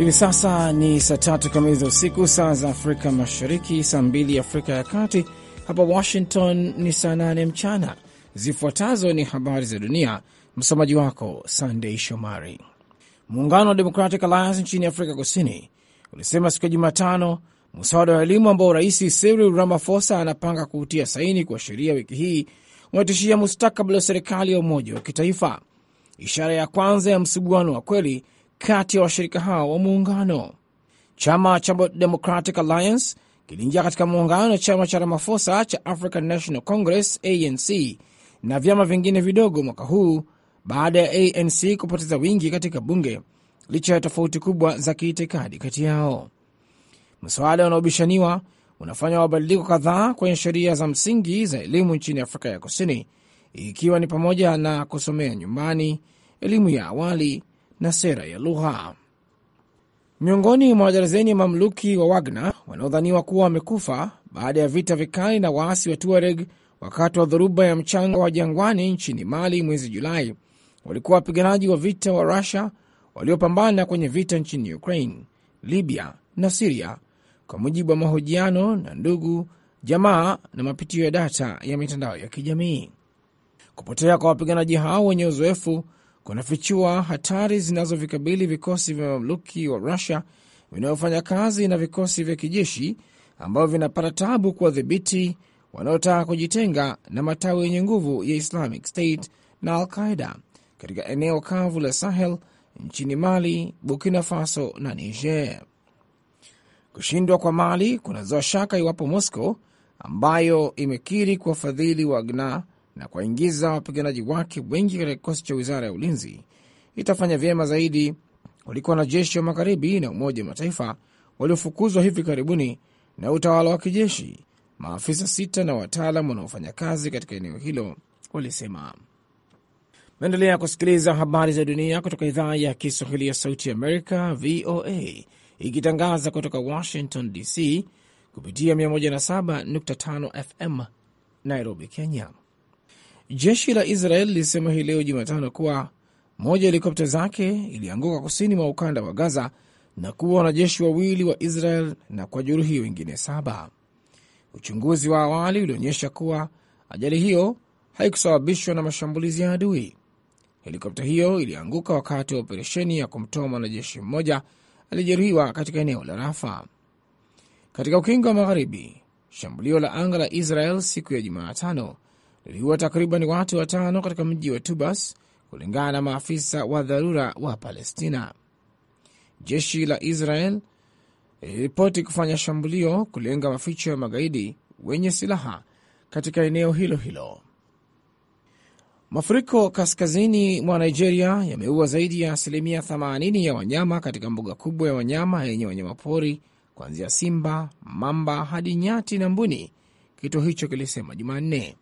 Hivi sasa ni saa tatu kamili za usiku, saa za Afrika Mashariki, saa mbili Afrika ya Kati. Hapa Washington ni saa nane mchana. Zifuatazo ni habari za dunia, msomaji wako Sandei Shomari. Muungano wa Democratic Alliance nchini Afrika Kusini ulisema siku ya Jumatano mswada wa elimu ambao Rais Cyril ramafosa anapanga kuutia saini kwa sheria wiki hii unatishia mustakabali wa serikali ya umoja wa kitaifa, ishara ya kwanza ya msuguano wa kweli kati ya washirika hao wa muungano. Chama cha Democratic Alliance kiliingia katika muungano na chama cha ramafosa cha African National Congress ANC na vyama vingine vidogo mwaka huu baada ya ANC kupoteza wingi katika bunge licha ya tofauti kubwa za kiitikadi kati yao. Mswada unaobishaniwa unafanya mabadiliko kadhaa kwenye sheria za msingi za elimu nchini Afrika ya Kusini, ikiwa ni pamoja na kusomea nyumbani, elimu ya awali na sera ya lugha. Miongoni mwa darazeni ya mamluki wa Wagner wanaodhaniwa kuwa wamekufa baada ya vita vikali na waasi wa Tuareg wakati wa dhoruba ya mchanga wa jangwani nchini Mali mwezi Julai walikuwa wapiganaji wa vita wa Rusia waliopambana kwenye vita nchini Ukraine, Libya na Siria, kwa mujibu wa mahojiano na ndugu, jamaa na mapitio ya data ya mitandao ya kijamii. Kupotea kwa wapiganaji hao wenye uzoefu kunafichua hatari zinazovikabili vikosi vya mamluki wa Rusia vinavyofanya kazi na vikosi vya kijeshi ambavyo vinapata tabu kuwadhibiti wanaotaka kujitenga na matawi yenye nguvu ya Islamic State na Al Qaida katika eneo kavu la Sahel nchini Mali, Burkina Faso na Niger. Kushindwa kwa Mali kunazoa shaka iwapo Moscow ambayo imekiri kwa wa Wagna na kuwaingiza wapiganaji wake wengi katika kikosi cha wizara ya ulinzi, itafanya vyema zaidi kuliko wanajeshi wa magharibi na Umoja wa Mataifa waliofukuzwa hivi karibuni na utawala wa kijeshi, maafisa sita na wataalam wanaofanya kazi katika eneo hilo walisema. Naendelea kusikiliza habari za dunia kutoka idhaa ya Kiswahili ya Sauti Amerika, VOA, ikitangaza kutoka Washington DC kupitia 107.5 FM Nairobi, Kenya. Jeshi la Israel lilisema hii leo Jumatano kuwa moja ya helikopta zake ilianguka kusini mwa ukanda wa Gaza na kuwa wanajeshi wawili wa Israel na kwa jeruhi wengine saba. Uchunguzi wa awali ulionyesha kuwa ajali hiyo haikusababishwa na mashambulizi ya adui. Helikopta hiyo ilianguka wakati wa operesheni ya kumtoa mwanajeshi mmoja aliyejeruhiwa katika eneo la Rafa katika ukingo wa Magharibi. Shambulio la anga la Israel siku ya Jumatano liliua takriban watu watano katika mji wa Tubas, kulingana na maafisa wa dharura wa Palestina. Jeshi la Israel liliripoti kufanya shambulio kulenga maficho ya magaidi wenye silaha katika eneo hilo hilo. Mafuriko kaskazini mwa Nigeria yameua zaidi ya asilimia 80 ya wanyama katika mbuga kubwa ya wanyama yenye wanyamapori kuanzia simba, mamba hadi nyati na mbuni, kituo hicho kilisema Jumanne.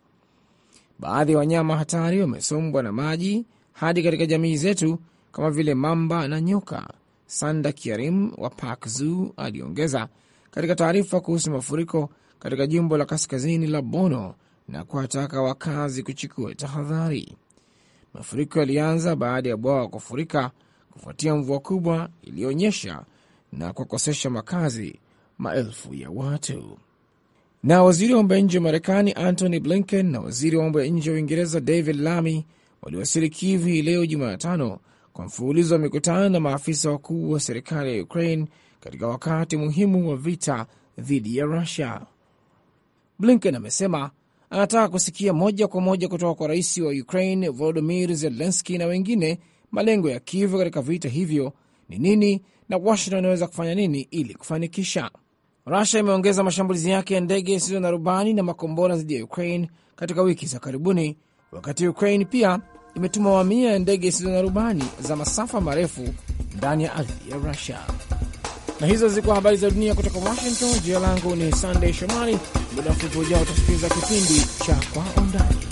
Baadhi ya wanyama hatari wamesombwa na maji hadi katika jamii zetu kama vile mamba na nyoka, Sanda Kiarim wa Park Zoo aliongeza katika taarifa kuhusu mafuriko katika jimbo la kaskazini la Bono na kuwataka wakazi kuchukua tahadhari. Mafuriko yalianza baada ya bwawa kufurika kufuatia mvua kubwa iliyonyesha na kuwakosesha makazi maelfu ya watu. Na waziri wa mambo ya nje wa Marekani Antony Blinken na waziri wa mambo ya nje wa Uingereza David Lamy waliwasili Kiev hii leo Jumatano kwa mfululizo wa mikutano na maafisa wakuu wa serikali ya Ukraine katika wakati muhimu wa vita dhidi ya Rusia. Blinken amesema anataka kusikia moja kwa moja kutoka kwa rais wa Ukraine Volodimir Zelenski na wengine malengo ya Kiev katika vita hivyo ni nini na Washington anaweza kufanya nini ili kufanikisha. Rusia imeongeza mashambulizi yake ya ndege zisizo na rubani na makombora dhidi ya Ukraine katika wiki za karibuni, wakati Ukraine pia imetuma mamia ya ndege zisizo na rubani za masafa marefu ndani ya ardhi ya Rusia. Na hizo zilikuwa habari za dunia kutoka Washington. Jina langu ni Sandey Shomari. Muda mfupi ujao utasikiliza kipindi cha Kwa Undani.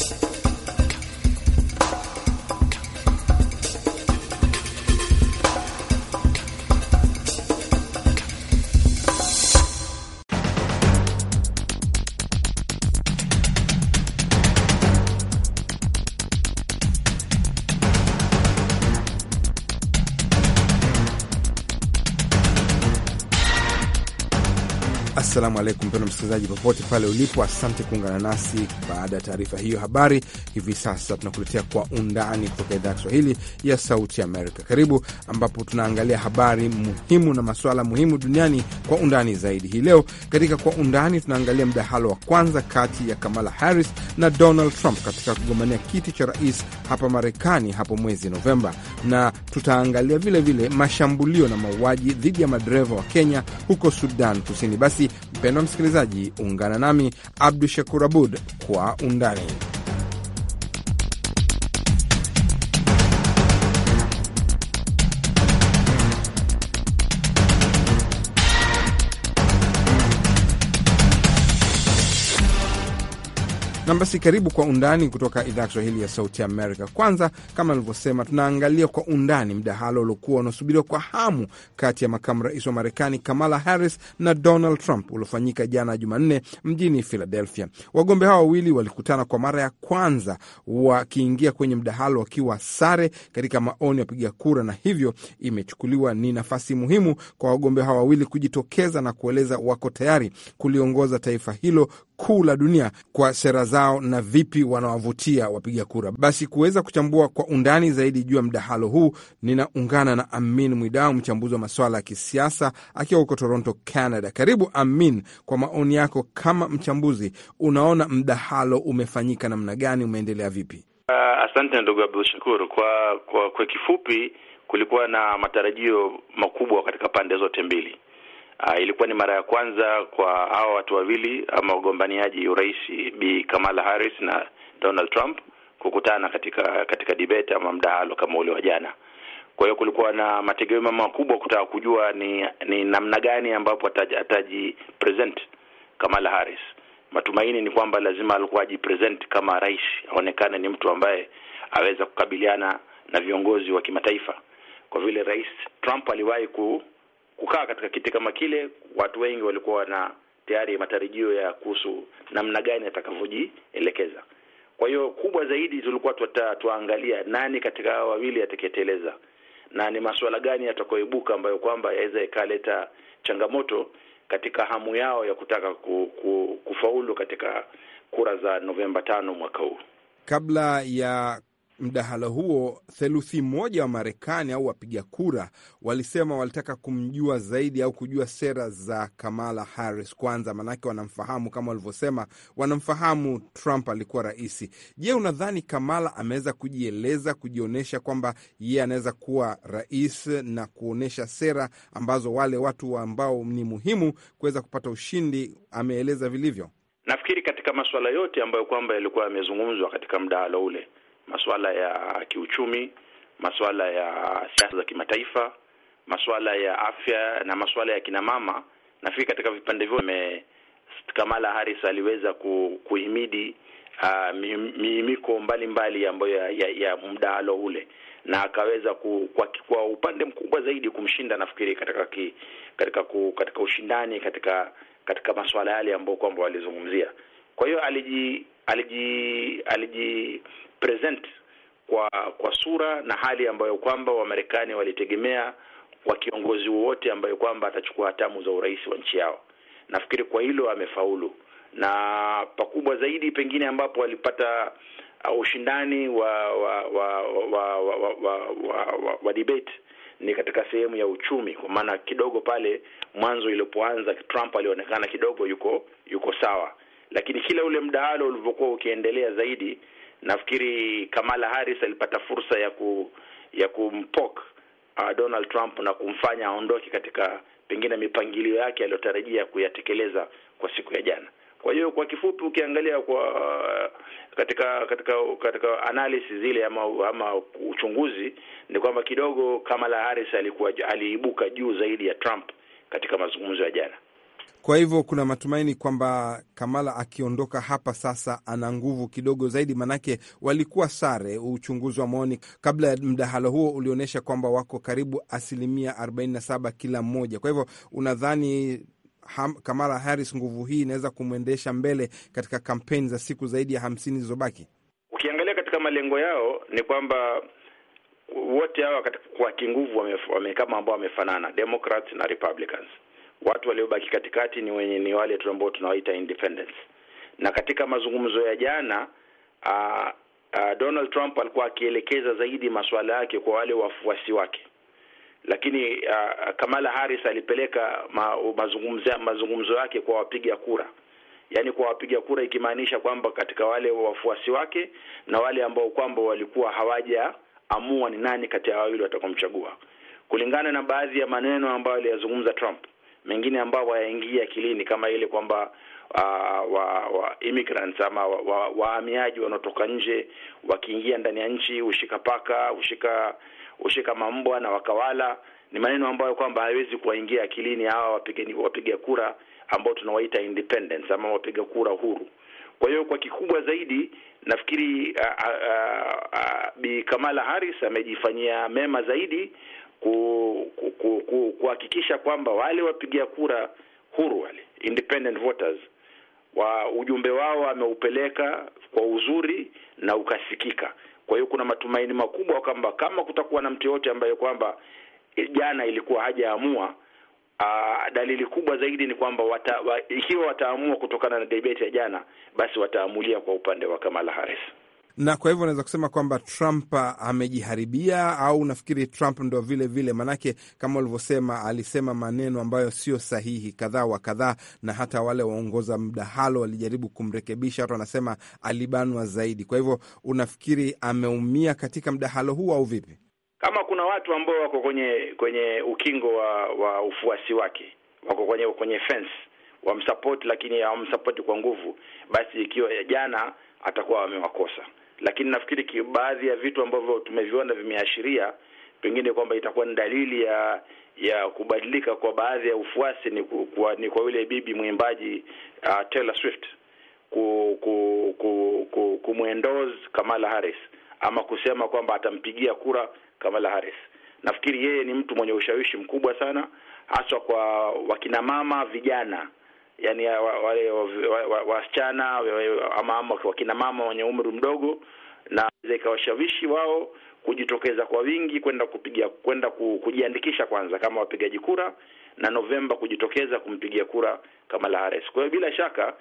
Assalamu alaikum mpendwa msikilizaji, popote pale ulipo, asante kuungana nasi baada ya taarifa hiyo habari. Hivi sasa tunakuletea kwa undani kutoka idhaa ya Kiswahili ya Sauti Amerika. Karibu, ambapo tunaangalia habari muhimu na masuala muhimu duniani kwa undani zaidi. Hii leo katika kwa undani tunaangalia mdahalo wa kwanza kati ya Kamala Harris na Donald Trump katika kugombania kiti cha rais hapa Marekani hapo mwezi Novemba, na tutaangalia vilevile vile mashambulio na mauaji dhidi ya madereva wa Kenya huko Sudan Kusini. Basi Mpendwa msikilizaji, ungana nami Abdu Shakur Abud kwa undani na basi, karibu kwa undani kutoka idhaa ya Kiswahili ya Sauti Amerika. Kwanza, kama nilivyosema, tunaangalia kwa undani mdahalo uliokuwa unasubiriwa kwa hamu kati ya makamu rais wa Marekani Kamala Harris na Donald Trump uliofanyika jana Jumanne mjini Philadelphia. Wagombea hao wawili walikutana kwa mara ya kwanza, wakiingia kwenye mdahalo wakiwa sare katika maoni ya wapiga kura, na hivyo imechukuliwa ni nafasi muhimu kwa wagombea hao wawili kujitokeza na kueleza wako tayari kuliongoza taifa hilo kuu la dunia kwa sera zao na vipi wanawavutia wapiga kura. Basi kuweza kuchambua kwa undani zaidi juu ya mdahalo huu, ninaungana na Amin Mwidau, mchambuzi wa masuala ya kisiasa akiwa huko Toronto, Canada. Karibu Amin, kwa maoni yako kama mchambuzi, unaona mdahalo umefanyika namna gani? Umeendelea vipi? Uh, asante ndugu Abdul Shakur. Kwa, kwa, kwa kifupi kulikuwa na matarajio makubwa katika pande zote mbili. Uh, ilikuwa ni mara ya kwanza kwa hawa watu wawili ama wagombaniaji urais Bi Kamala Harris na Donald Trump kukutana katika katika debate ama mdahalo kama ule wa jana. Kwa hiyo kulikuwa na mategemeo makubwa kutaka kujua ni ni namna gani ambapo ataji present Kamala Harris. Matumaini ni kwamba lazima alikuwa present kama rais, aonekane ni mtu ambaye aweza kukabiliana na viongozi wa kimataifa, kwa vile Rais Trump aliwahi ku kukaa katika kiti kama kile, watu wengi walikuwa wana tayari matarajio ya kuhusu namna gani atakavyojielekeza. Kwa hiyo kubwa zaidi tulikuwa tuangalia nani katika hao wawili atakayeteleza na ni masuala gani yatakayoibuka ambayo kwamba yaweza ikaleta changamoto katika hamu yao ya kutaka ku, ku, kufaulu katika kura za Novemba tano mwaka huu. Kabla ya mdahalo huo, theluthi moja wa Marekani au wapiga kura walisema walitaka kumjua zaidi au kujua sera za Kamala Harris kwanza, maanake wanamfahamu kama walivyosema, wanamfahamu Trump alikuwa raisi. Je, unadhani Kamala ameweza kujieleza, kujionyesha kwamba yeye anaweza kuwa rais na kuonyesha sera ambazo wale watu ambao ni muhimu kuweza kupata ushindi ameeleza vilivyo? Nafikiri katika masuala yote ambayo kwamba yalikuwa yamezungumzwa katika mdahalo ule masuala ya kiuchumi, masuala ya siasa za kimataifa, masuala ya afya na masuala ya kinamama. Nafikiri katika vipande vyote Kamala haris aliweza ku, kuhimidi uh, ah, miimiko mbalimbali ambayo ya, ya, ya mdahalo ule na akaweza ku, kwa, kwa upande mkubwa zaidi kumshinda nafikiri katika ki, katika ku, katika ushindani katika katika masuala yale ambayo kwamba walizungumzia. Kwa hiyo aliji aliji aliji present kwa kwa sura na hali ambayo kwamba Wamarekani walitegemea kwa kiongozi wowote ambayo kwamba atachukua hatamu za urais wa nchi yao. Nafikiri kwa hilo amefaulu, na pakubwa zaidi pengine ambapo walipata uh, ushindani wa wa wa wa, wa, wa, wa, wa, wa debate ni katika sehemu ya uchumi, kwa maana kidogo pale mwanzo ilipoanza Trump alionekana kidogo yuko yuko sawa, lakini kila ule mdahalo ulivyokuwa ukiendelea zaidi Nafikiri Kamala Harris alipata fursa ya ku, ya kumpok uh, Donald Trump na kumfanya aondoke katika pengine mipangilio yake aliyotarajia kuyatekeleza kwa siku ya jana. Kwa hiyo kwa kifupi, ukiangalia kwa uh, katika katika katika analisi zile ama, ama uchunguzi ni kwamba kidogo Kamala Harris alikuwa aliibuka juu zaidi ya Trump katika mazungumzo ya jana. Kwa hivyo kuna matumaini kwamba Kamala akiondoka hapa sasa ana nguvu kidogo zaidi, manake walikuwa sare. Uchunguzi wa maoni kabla ya mdahalo huo ulionyesha kwamba wako karibu asilimia 47 kila mmoja. Kwa hivyo unadhani Ham, Kamala Harris nguvu hii inaweza kumwendesha mbele katika kampeni za siku zaidi ya hamsini zilizobaki. Ukiangalia katika malengo yao ni kwamba wote hawa kwa kinguvu wame, wame, kama ambao wamefanana Democrats na Republicans Watu waliobaki katikati ni wenye, ni wale tu ambao tunawaita independence Na katika mazungumzo ya jana uh, uh, Donald Trump alikuwa akielekeza zaidi masuala yake kwa wale wafuasi wake, lakini uh, Kamala Harris alipeleka ma, mazungumzo mazungumzo yake kwa wapiga kura yaani kwa wapiga kura, ikimaanisha kwamba katika wale wafuasi wake na wale ambao kwamba walikuwa hawajaamua ni nani kati ya wawili watakomchagua, kulingana na baadhi ya maneno ambayo aliyazungumza Trump mengine ambayo wayaingia akilini kama ile kwamba uh, wa, wa immigrants ama wahamiaji wa, wa wanaotoka nje wakiingia ndani ya nchi hushika paka, ushika ushika mambwa na wakawala. Ni maneno ambayo kwamba hawezi kuwaingia akilini hawa wapiga wapiga kura ambao tunawaita independence ama wapiga kura huru. Kwa hiyo kwa kikubwa zaidi nafikiri uh, uh, uh, Bi Kamala Harris amejifanyia mema zaidi kuhakikisha ku, ku, ku, kwamba wale wapiga kura huru wale independent voters wa ujumbe wao wameupeleka kwa uzuri na ukasikika. Kwa hiyo kuna matumaini makubwa kwamba kama kutakuwa na mtu yoyote ambaye kwamba eh, jana ilikuwa hajaamua, ah, dalili kubwa zaidi ni kwamba wata, wa, ikiwa wataamua kutokana na debate ya jana, basi wataamulia kwa upande wa Kamala Harris na kwa hivyo unaweza kusema kwamba Trump amejiharibia, au nafikiri Trump ndo vile vile, manake kama ulivyosema, alisema maneno ambayo sio sahihi kadhaa wa kadhaa, na hata wale waongoza mdahalo walijaribu kumrekebisha, watu wanasema alibanwa zaidi. Kwa hivyo unafikiri ameumia katika mdahalo huu au vipi? Kama kuna watu ambao wako kwenye kwenye ukingo wa, wa ufuasi wake, wako kwenye kwenye fence wamsapoti, lakini hawamsapoti kwa nguvu, basi ikiwa jana atakuwa wamewakosa lakini nafikiri baadhi ya vitu ambavyo tumeviona vimeashiria pengine kwamba itakuwa ni dalili ya ya kubadilika kwa baadhi ya ufuasi ni kwa, ni kwa yule bibi mwimbaji uh, Taylor Swift ku, ku, ku, ku, kumwendoze Kamala Harris ama kusema kwamba atampigia kura Kamala Harris. Nafikiri yeye ni mtu mwenye ushawishi mkubwa sana, haswa kwa wakina mama vijana yani wale wasichana wa kina mama wenye umri mdogo, na ikawashawishi wao kujitokeza kwa wingi kwenda kupiga kwenda kujiandikisha kwanza kama wapigaji kura, na Novemba kujitokeza kumpigia kura Kamala Harris. Kwa hiyo bila shaka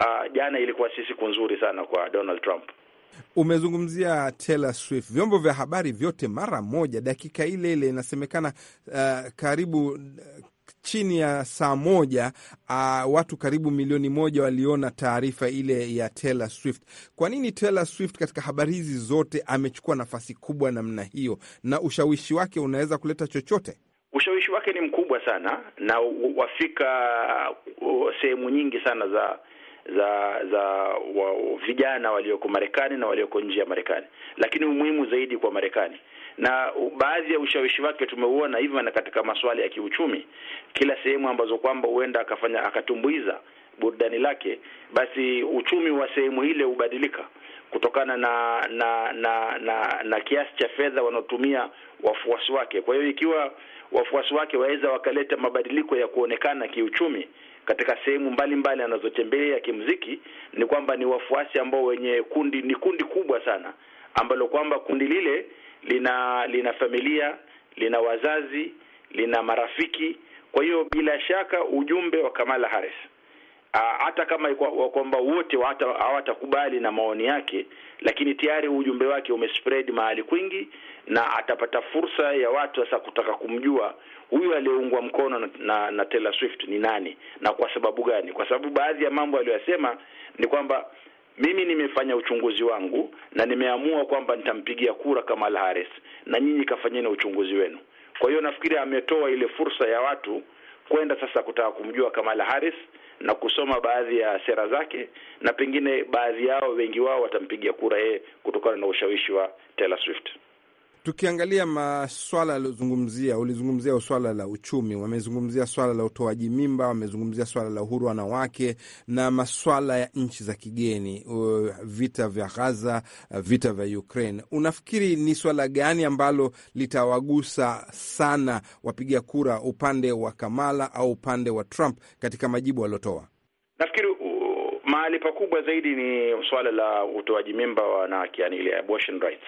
uh, jana ilikuwa siku nzuri sana kwa Donald Trump. Umezungumzia Taylor Swift. Vyombo vya habari vyote mara moja, dakika ile ile inasemekana, uh, karibu chini ya saa moja uh, watu karibu milioni moja waliona taarifa ile ya Taylor Swift. Kwa nini Taylor Swift katika habari hizi zote amechukua nafasi kubwa namna hiyo, na ushawishi wake unaweza kuleta chochote? Ushawishi wake ni mkubwa sana na wafika sehemu nyingi sana za za za wa, vijana walioko Marekani na walioko nje ya Marekani, lakini umuhimu zaidi kwa Marekani na baadhi ya ushawishi wake tumeuona hivyo, na katika masuala ya kiuchumi, kila sehemu ambazo kwamba huenda akafanya akatumbuiza burudani lake, basi uchumi wa sehemu ile hubadilika kutokana na na na na, na kiasi cha fedha wanaotumia wafuasi wake. Kwa hiyo ikiwa wafuasi wake waweza wakaleta mabadiliko ya kuonekana kiuchumi katika sehemu mbalimbali anazotembelea kimuziki, ni kwamba ni wafuasi ambao wenye kundi, ni kundi kubwa sana ambalo kwamba kundi lile lina lina familia, lina wazazi, lina marafiki. Kwa hiyo bila shaka ujumbe wa Kamala Harris hata kama kwamba wote hawatakubali na maoni yake, lakini tayari ujumbe wake umespread mahali kwingi, na atapata fursa ya watu sasa kutaka kumjua huyu aliyeungwa mkono na, na, na Taylor Swift ni nani na kwa sababu gani, kwa sababu baadhi ya mambo aliyosema ni kwamba mimi nimefanya uchunguzi wangu na nimeamua kwamba nitampigia kura Kamala Harris, na nyinyi kafanyeni uchunguzi wenu. Kwa hiyo nafikiri ametoa ile fursa ya watu kwenda sasa kutaka kumjua Kamala Harris na kusoma baadhi ya sera zake, na pengine baadhi yao, wengi wao watampigia kura yeye kutokana na ushawishi wa Taylor Swift. Tukiangalia maswala yaliyozungumzia, ulizungumzia swala la uchumi, wamezungumzia swala la utoaji mimba, wamezungumzia swala la uhuru wanawake na maswala ya nchi za kigeni, uh, vita vya Gaza, uh, vita vya Ukraine. Unafikiri ni swala gani ambalo litawagusa sana wapiga kura upande wa Kamala au upande wa Trump katika majibu waliotoa? Nafikiri uh, mahali pakubwa zaidi ni swala la utoaji mimba wanawake, yani ile abortion rights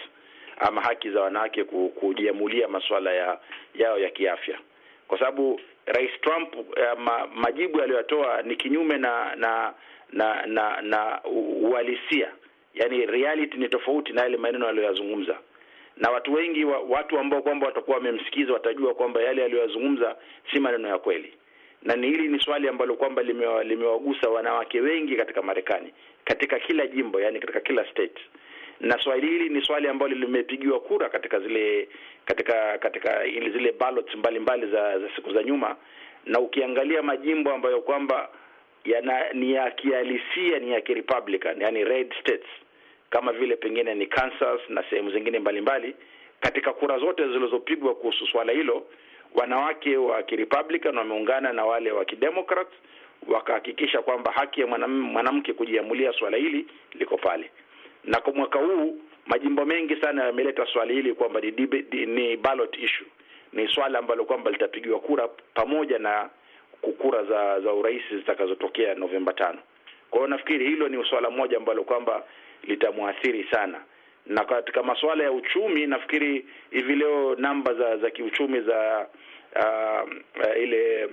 ama haki za wanawake kujiamulia masuala ya yao ya kiafya, kwa sababu Rais Trump ya eh, ma, majibu aliyoyatoa ni kinyume na na na na, na uhalisia, yani reality ni tofauti na yale maneno aliyoyazungumza na watu wengi wa, watu ambao kwamba watakuwa wamemsikiza watajua kwamba yale aliyoyazungumza si maneno ya kweli, na ni hili ni swali ambalo kwamba limewagusa wanawake wengi katika Marekani katika kila jimbo, yani katika kila state na swali hili ni swali ambalo limepigiwa kura katika zile katika katika ili zile ballots mbalimbali za, za siku za nyuma, na ukiangalia majimbo ambayo kwamba yana ni ya kihalisia ni ya Republican, yani red states kama vile pengine ni Kansas na sehemu zingine mbalimbali mbali. Katika kura zote zilizopigwa kuhusu swala hilo, wanawake wa Republican wameungana na wale wa Democrats wakahakikisha kwamba haki ya mwanamke kujiamulia swala hili liko pale na kwa mwaka huu majimbo mengi sana yameleta swali hili kwamba ni, ni ballot issue, ni swala ambalo kwamba litapigiwa kura pamoja na kura za za urais zitakazotokea Novemba tano. Kwa hiyo nafikiri hilo ni swala moja ambalo kwamba litamwathiri sana, na katika masuala ya uchumi nafikiri hivi leo namba za za kiuchumi za uh, uh, ile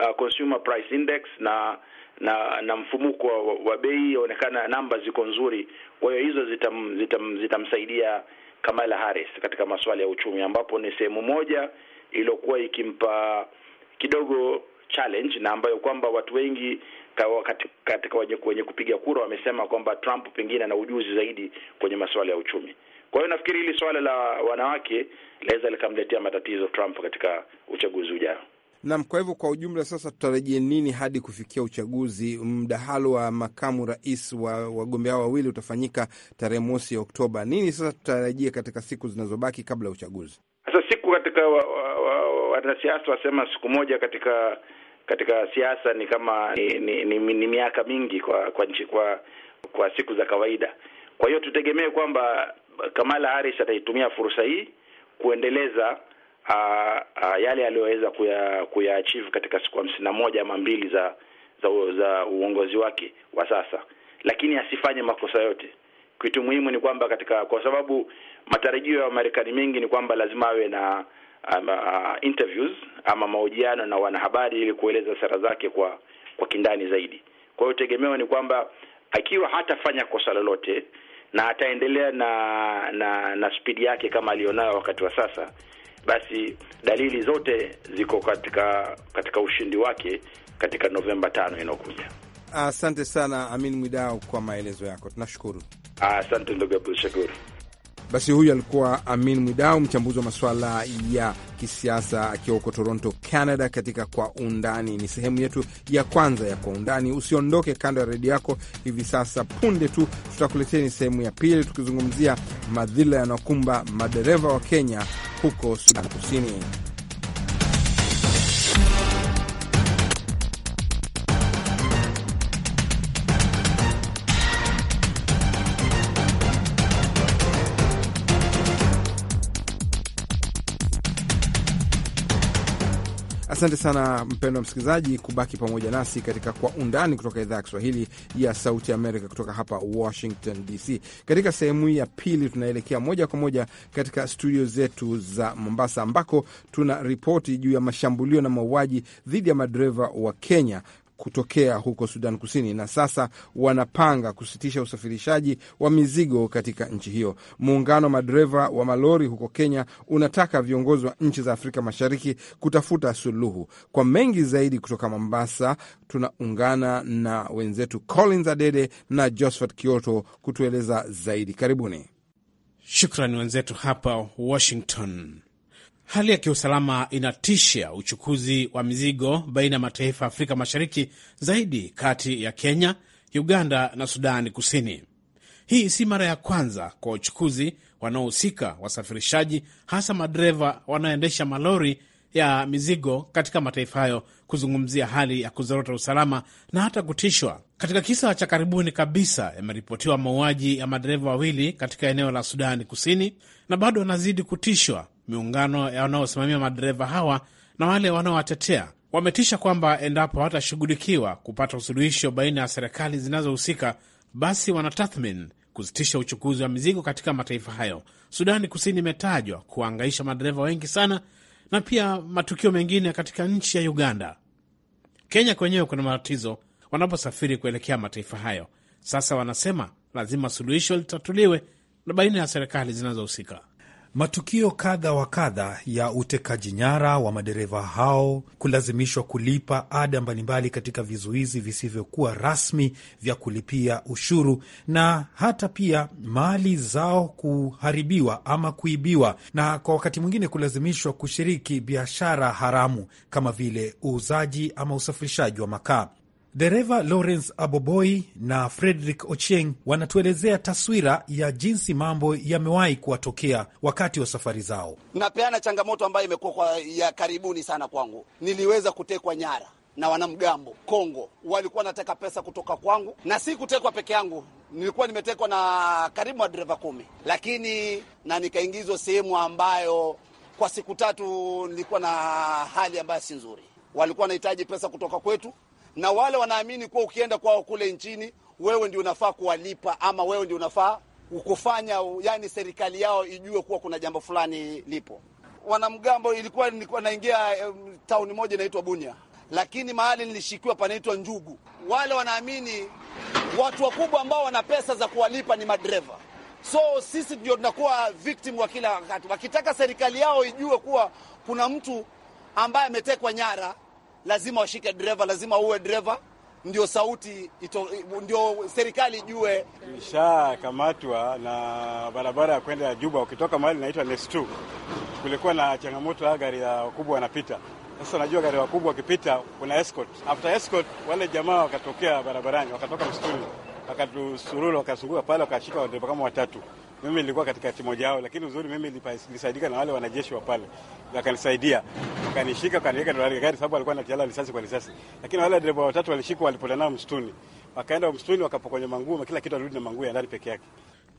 uh, consumer price index na na na mfumuko wa, wa bei yaonekana namba ziko nzuri. Kwa hiyo hizo zitam, zitam, zitamsaidia Kamala Harris katika masuala ya uchumi, ambapo ni sehemu moja iliyokuwa ikimpa kidogo challenge na ambayo kwamba watu wengi katika wenye kupiga kura wamesema kwamba Trump pengine ana ujuzi zaidi kwenye masuala ya uchumi. Kwa hiyo nafikiri hili swala la wanawake laweza likamletea matatizo Trump katika uchaguzi ujao. Nam, kwa hivyo kwa ujumla sasa tutarajie nini hadi kufikia uchaguzi? Mdahalo wa makamu rais wa wagombea wawili utafanyika tarehe mosi Oktoba. Nini sasa tutarajie katika siku zinazobaki kabla ya uchaguzi? Sasa siku katika wanasiasa wasema siku moja katika katika siasa ni kama ni, ni, ni, ni miaka mingi kwa kwa nchi kwa kwa siku za kawaida. Kwa hiyo tutegemee kwamba Kamala Harris ataitumia fursa hii kuendeleza uh, uh, yale aliyoweza kuya, achieve katika siku hamsini na moja ama mbili za za, za uongozi wake wa sasa, lakini asifanye makosa yote. Kitu muhimu ni kwamba katika, kwa sababu matarajio ya Wamarekani mengi ni kwamba lazima awe na um, uh, interviews ama mahojiano na wanahabari ili kueleza sera zake kwa kwa kindani zaidi. Kwa hiyo tegemeo ni kwamba akiwa hatafanya kosa lolote na ataendelea na na, na spidi yake kama aliyonayo wakati wa sasa, basi dalili zote ziko katika katika ushindi wake katika Novemba tano inayokuja. Asante sana Amin Mwidau kwa maelezo yako, tunashukuru. Asante ndugu Abdul Shakur. Basi huyu alikuwa Amin Mwidau, mchambuzi wa masuala ya kisiasa akiwa huko Toronto, Canada, katika Kwa Undani. Ni sehemu yetu ya kwanza ya Kwa Undani. Usiondoke kando ya redio yako hivi sasa, punde tu tutakuletea ni sehemu ya pili, tukizungumzia madhila yanayokumba madereva wa Kenya huko Sudan Kusini. Asante sana mpendwa msikilizaji kubaki pamoja nasi katika Kwa Undani kutoka idhaa ya Kiswahili ya Sauti ya Amerika kutoka hapa Washington DC. Katika sehemu hii ya pili, tunaelekea moja kwa moja katika studio zetu za Mombasa, ambako tuna ripoti juu ya mashambulio na mauaji dhidi ya madereva wa Kenya kutokea huko Sudan Kusini, na sasa wanapanga kusitisha usafirishaji wa mizigo katika nchi hiyo. Muungano wa madereva wa malori huko Kenya unataka viongozi wa nchi za Afrika Mashariki kutafuta suluhu. Kwa mengi zaidi kutoka Mombasa, tunaungana na wenzetu Collins Adede na Josephat Kioto kutueleza zaidi. Karibuni. Shukrani wenzetu hapa Washington. Hali ya kiusalama inatisha uchukuzi wa mizigo baina ya mataifa ya Afrika Mashariki, zaidi kati ya Kenya, Uganda na Sudani Kusini. Hii si mara ya kwanza kwa uchukuzi wanaohusika, wasafirishaji, hasa madereva wanaoendesha malori ya mizigo katika mataifa hayo kuzungumzia hali ya kuzorota usalama na hata kutishwa. Katika kisa cha karibuni kabisa, yameripotiwa mauaji ya madereva wawili katika eneo la Sudani Kusini, na bado wanazidi kutishwa Miungano ya wanaosimamia madereva hawa na wale wanaowatetea wametisha kwamba endapo hawatashughulikiwa kupata usuluhisho baina ya serikali zinazohusika, basi wanatathmini kusitisha uchukuzi wa mizigo katika mataifa hayo. Sudani Kusini imetajwa kuwaangaisha madereva wengi sana, na pia matukio mengine katika nchi ya Uganda. Kenya kwenyewe kuna matatizo wanaposafiri kuelekea mataifa hayo. Sasa wanasema lazima suluhisho litatuliwe na baina ya serikali zinazohusika. Matukio kadha wa kadha ya utekaji nyara wa madereva hao, kulazimishwa kulipa ada mbalimbali katika vizuizi visivyokuwa rasmi vya kulipia ushuru, na hata pia mali zao kuharibiwa ama kuibiwa, na kwa wakati mwingine kulazimishwa kushiriki biashara haramu kama vile uuzaji ama usafirishaji wa makaa. Dereva Lawrence Aboboi na Frederick ocheng wanatuelezea taswira ya jinsi mambo yamewahi kuwatokea wakati wa safari zao. Napeana changamoto ambayo imekuwa ya karibuni sana kwangu. Niliweza kutekwa nyara na wanamgambo Kongo, walikuwa wanataka pesa kutoka kwangu, na si kutekwa peke yangu nilikuwa nimetekwa na karibu madereva kumi, lakini na nikaingizwa sehemu ambayo kwa siku tatu nilikuwa na hali ambayo si nzuri. Walikuwa wanahitaji pesa kutoka kwetu, na wale wanaamini kuwa ukienda kwao kule nchini wewe ndio unafaa kuwalipa ama wewe ndio unafaa kufanya, yani serikali yao ijue kuwa kuna jambo fulani lipo. Wanamgambo ilikuwa nilikuwa naingia um, tauni moja inaitwa Bunya, lakini mahali nilishikiwa panaitwa Njugu. Wale wanaamini watu wakubwa ambao wana pesa za kuwalipa ni madereva, so sisi ndio tunakuwa victim wa kila wakati, wakitaka serikali yao ijue kuwa kuna mtu ambaye ametekwa nyara lazima washike dereva, lazima uwe dereva, ndio sauti ito, ndio serikali ijue. Nishakamatwa na barabara ya kwenda ya Juba, ukitoka mahali inaitwa Nes, kulikuwa na changamoto ya ah, gari ya wakubwa wanapita sasa najua gari wakubwa wakipita kuna escort. After escort wale jamaa wakatokea barabarani, wakatoka msituni, wakatusururu, wakazunguka pale, wakashika wadereva kama watatu mimi nilikuwa katika timu yao, lakini uzuri mimi nilisaidika na wale wanajeshi wa pale, wakanisaidia, wakanishika, wakaniweka ndani ya gari, sababu alikuwa anatiala risasi kwa risasi. Lakini wale dereva watatu walishikwa, walipotea nao msituni, wakaenda msituni, wakapokonya manguo, kila kitu, alirudi na manguo ya ndani peke yake.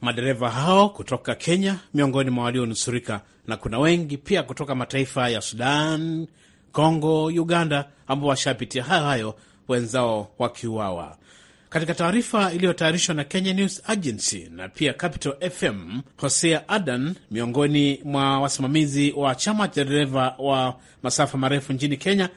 Madereva hao kutoka Kenya miongoni mwa walionusurika, na kuna wengi pia kutoka mataifa ya Sudan, Kongo, Uganda ambao washapitia hayo hayo, wenzao wakiuawa. Katika taarifa iliyotayarishwa na Kenya News Agency na pia Capital FM, Hosea Adan, miongoni mwa wasimamizi wa chama cha dereva wa masafa marefu nchini Kenya,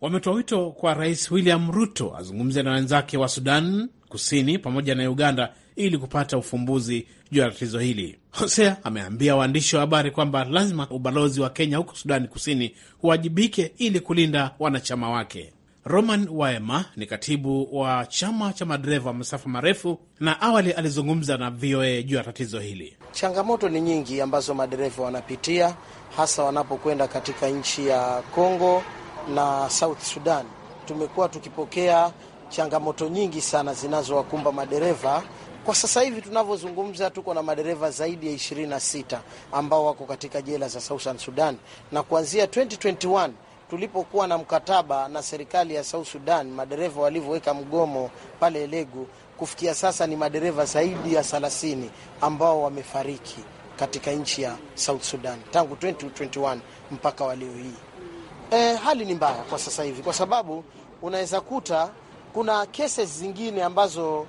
wametoa wito kwa Rais William Ruto azungumze na wenzake wa Sudan Kusini pamoja na Uganda ili kupata ufumbuzi juu ya tatizo hili. Hosea ameambia waandishi wa habari kwamba lazima ubalozi wa Kenya huko Sudani Kusini huwajibike ili kulinda wanachama wake. Roman Waema ni katibu wa chama cha madereva wa masafa marefu, na awali alizungumza na VOA juu ya tatizo hili. Changamoto ni nyingi ambazo madereva wanapitia hasa wanapokwenda katika nchi ya congo na South Sudan. Tumekuwa tukipokea changamoto nyingi sana zinazowakumba madereva. Kwa sasa hivi tunavyozungumza, tuko na madereva zaidi ya 26 ambao wako katika jela za Southern Sudan, na kuanzia 2021 tulipokuwa na mkataba na serikali ya South Sudan, madereva walivyoweka mgomo pale Legu, kufikia sasa ni madereva zaidi ya 30 ambao wamefariki katika nchi ya South Sudan tangu 2021 mpaka leo hii. E, hali ni mbaya kwa sasa hivi kwa sababu unaweza kuta kuna kesi zingine ambazo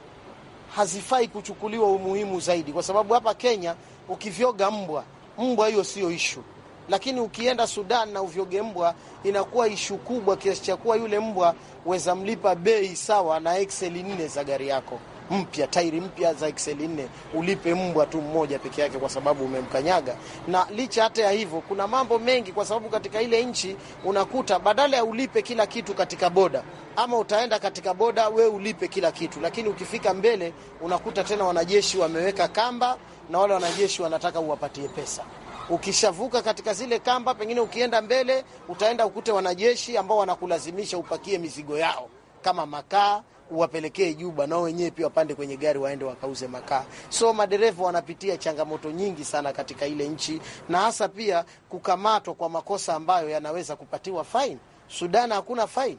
hazifai kuchukuliwa umuhimu zaidi, kwa sababu hapa Kenya ukivyoga mbwa mbwa, hiyo siyo ishu lakini ukienda Sudan na uvyoge mbwa, inakuwa ishu kubwa kiasi cha kuwa yule mbwa weza mlipa bei sawa na ekseli nne za gari yako mpya, tairi mpya za ekseli nne, ulipe mbwa tu mmoja peke yake kwa sababu umemkanyaga. Na licha hata ya hivyo, kuna mambo mengi, kwa sababu katika ile nchi unakuta badala ya ulipe kila kitu katika boda ama utaenda katika boda we ulipe kila kitu, lakini ukifika mbele unakuta tena wanajeshi wameweka kamba na wale wanajeshi wanataka uwapatie pesa. Ukishavuka katika zile kamba, pengine ukienda mbele utaenda ukute wanajeshi ambao wanakulazimisha upakie mizigo yao kama makaa uwapelekee Juba, nao wenyewe pia wapande kwenye gari waende wakauze makaa. So madereva wanapitia changamoto nyingi sana katika ile nchi, na hasa pia kukamatwa kwa makosa ambayo yanaweza kupatiwa faini. Sudan hakuna faini,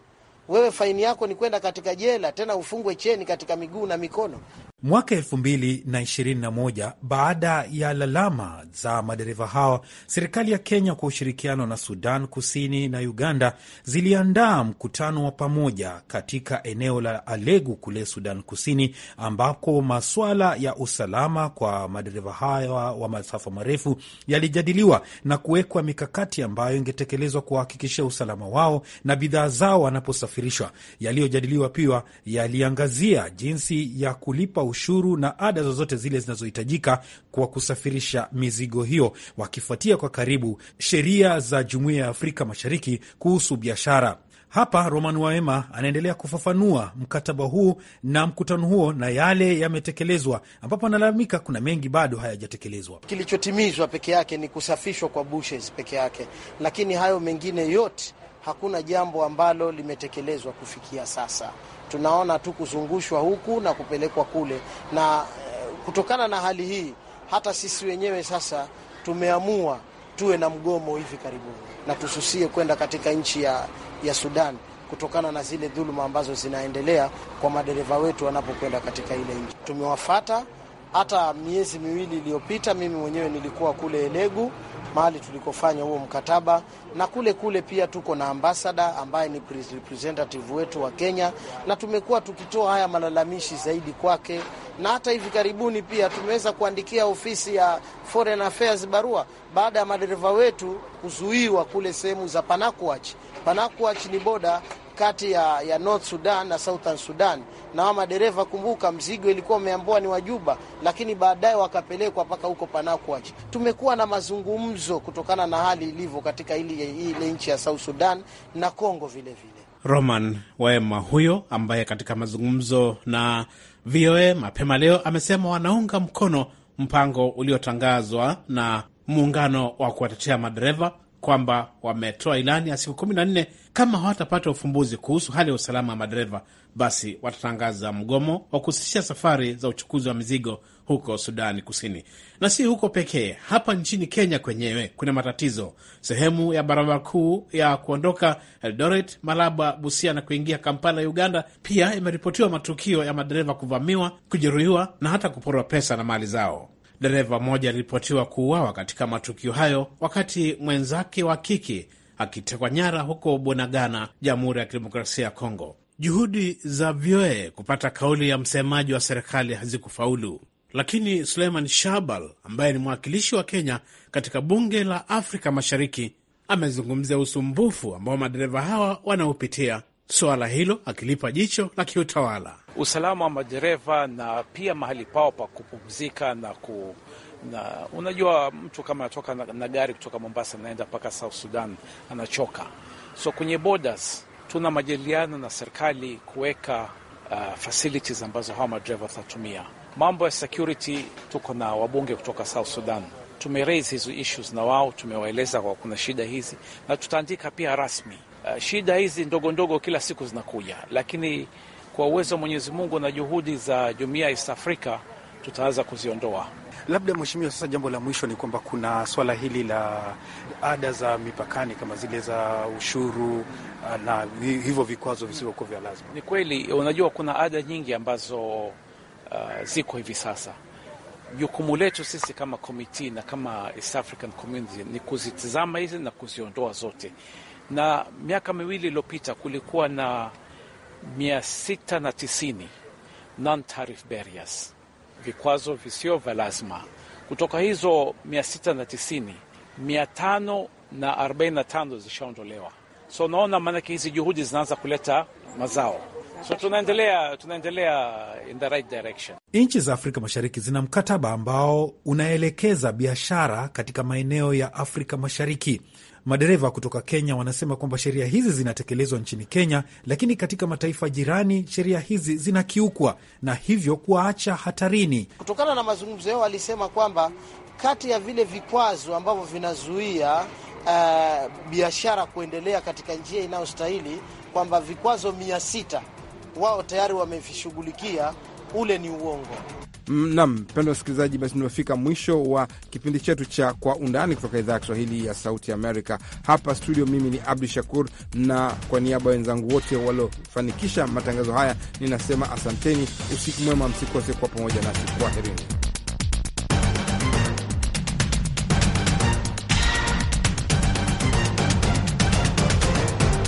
wewe faini yako ni kwenda katika jela, tena ufungwe cheni katika miguu na mikono. Mwaka elfu mbili na ishirini na moja baada ya lalama za madereva hawa, serikali ya Kenya kwa ushirikiano na Sudan Kusini na Uganda ziliandaa mkutano wa pamoja katika eneo la Alegu kule Sudan Kusini, ambako maswala ya usalama kwa madereva hawa wa masafa marefu yalijadiliwa na kuwekwa mikakati ambayo ingetekelezwa kuwahakikishia usalama wao na bidhaa zao wanaposafirishwa. Yaliyojadiliwa pia yaliangazia jinsi ya kulipa ushuru na ada zozote zile zinazohitajika kwa kusafirisha mizigo hiyo, wakifuatia kwa karibu sheria za Jumuiya ya Afrika Mashariki kuhusu biashara. Hapa Roman Waema anaendelea kufafanua mkataba huu na mkutano huo na yale yametekelezwa, ambapo analalamika kuna mengi bado hayajatekelezwa. Kilichotimizwa peke yake ni kusafishwa kwa bushes peke yake, lakini hayo mengine yote hakuna jambo ambalo limetekelezwa kufikia sasa tunaona tu kuzungushwa huku na kupelekwa kule, na eh, kutokana na hali hii hata sisi wenyewe sasa tumeamua tuwe na mgomo hivi karibuni na tususie kwenda katika nchi ya, ya Sudan kutokana na zile dhuluma ambazo zinaendelea kwa madereva wetu wanapokwenda katika ile nchi. Tumewafata hata miezi miwili iliyopita, mimi mwenyewe nilikuwa kule Elegu mahali tulikofanya huo mkataba, na kule kule pia tuko na ambasada ambaye ni representative wetu wa Kenya, na tumekuwa tukitoa haya malalamishi zaidi kwake, na hata hivi karibuni pia tumeweza kuandikia ofisi ya Foreign Affairs barua baada ya madereva wetu kuzuiwa kule sehemu za Panakuach. Panakuach ni boda kati ya, ya North Sudan na Southern Sudan, na wa madereva, kumbuka, mzigo ilikuwa umeambua ni wajuba lakini baadaye wakapelekwa mpaka huko Panakwach. Tumekuwa na mazungumzo kutokana na hali ilivyo katika ile nchi ya South Sudan na Kongo vilevile vile. Roman Wema huyo ambaye katika mazungumzo na VOA mapema leo amesema wanaunga mkono mpango uliotangazwa na muungano wa kuwatetea madereva kwamba wametoa ilani ya siku kumi na nne. Kama hawatapata ufumbuzi kuhusu hali ya usalama wa madereva, basi watatangaza mgomo wa kusitisha safari za uchukuzi wa mizigo huko Sudani Kusini. Na si huko pekee, hapa nchini Kenya kwenyewe kuna matatizo. Sehemu ya barabara kuu ya kuondoka Eldoret, Malaba, Busia na kuingia Kampala, Uganda, pia imeripotiwa matukio ya madereva kuvamiwa, kujeruhiwa na hata kuporwa pesa na mali zao. Dereva mmoja aliripotiwa kuuawa katika matukio hayo, wakati mwenzake wa kike akitekwa nyara huko Bunagana, Jamhuri ya Kidemokrasia ya Kongo. Juhudi za vyoe kupata kauli ya msemaji wa serikali hazikufaulu, lakini Suleiman Shabal ambaye ni mwakilishi wa Kenya katika bunge la Afrika Mashariki amezungumzia usumbufu ambao madereva hawa wanaopitia suala hilo akilipa jicho la kiutawala usalama wa madereva na pia mahali pao pa kupumzika na ku na unajua, mtu kama anatoka na, na gari kutoka Mombasa anaenda mpaka South Sudan anachoka. So kwenye borders tuna majadiliano na serikali kuweka uh, facilities ambazo hawa madereva watatumia. Mambo ya security, tuko na wabunge kutoka South Sudan, tumeraise hizo issues na wao, tumewaeleza kwa kuna shida hizi na tutaandika pia rasmi. Uh, shida hizi ndogo ndogo kila siku zinakuja, lakini kwa uwezo wa Mwenyezi Mungu na juhudi za jumuiya ya East Africa tutaweza kuziondoa. Labda mheshimiwa, sasa jambo la mwisho ni kwamba kuna swala hili la ada za mipakani kama zile za ushuru ah, na hivyo vikwazo visivyokuwa vya lazima. Ni kweli, unajua kuna ada nyingi ambazo uh, ziko hivi sasa. Jukumu letu sisi kama komiti na kama East African Community ni kuzitizama hizi na kuziondoa zote, na miaka miwili iliyopita kulikuwa na 690 non tariff barriers, vikwazo visio vya lazima. Kutoka hizo 690, 545 zishaondolewa. So unaona, maanake hizi juhudi zinaanza kuleta mazao. So tunaendelea tunaendelea in the right direction. Nchi za Afrika Mashariki zina mkataba ambao unaelekeza biashara katika maeneo ya Afrika Mashariki. Madereva kutoka Kenya wanasema kwamba sheria hizi zinatekelezwa nchini Kenya, lakini katika mataifa jirani sheria hizi zinakiukwa na hivyo kuwaacha hatarini. Kutokana na mazungumzo yao, walisema kwamba kati ya vile vikwazo ambavyo vinazuia uh, biashara kuendelea katika njia inayostahili kwamba vikwazo mia sita wao tayari wamevishughulikia, ule ni uongo. Mm, Nam mpendo msikilizaji, basi tumefika mwisho wa kipindi chetu cha Kwa Undani kutoka idhaa ya Kiswahili ya Sauti Amerika hapa studio. Mimi ni Abdu Shakur, na kwa niaba ya wenzangu wote waliofanikisha matangazo haya ninasema asanteni, usiku mwema, msikose kwa pamoja nasi, kwaherini.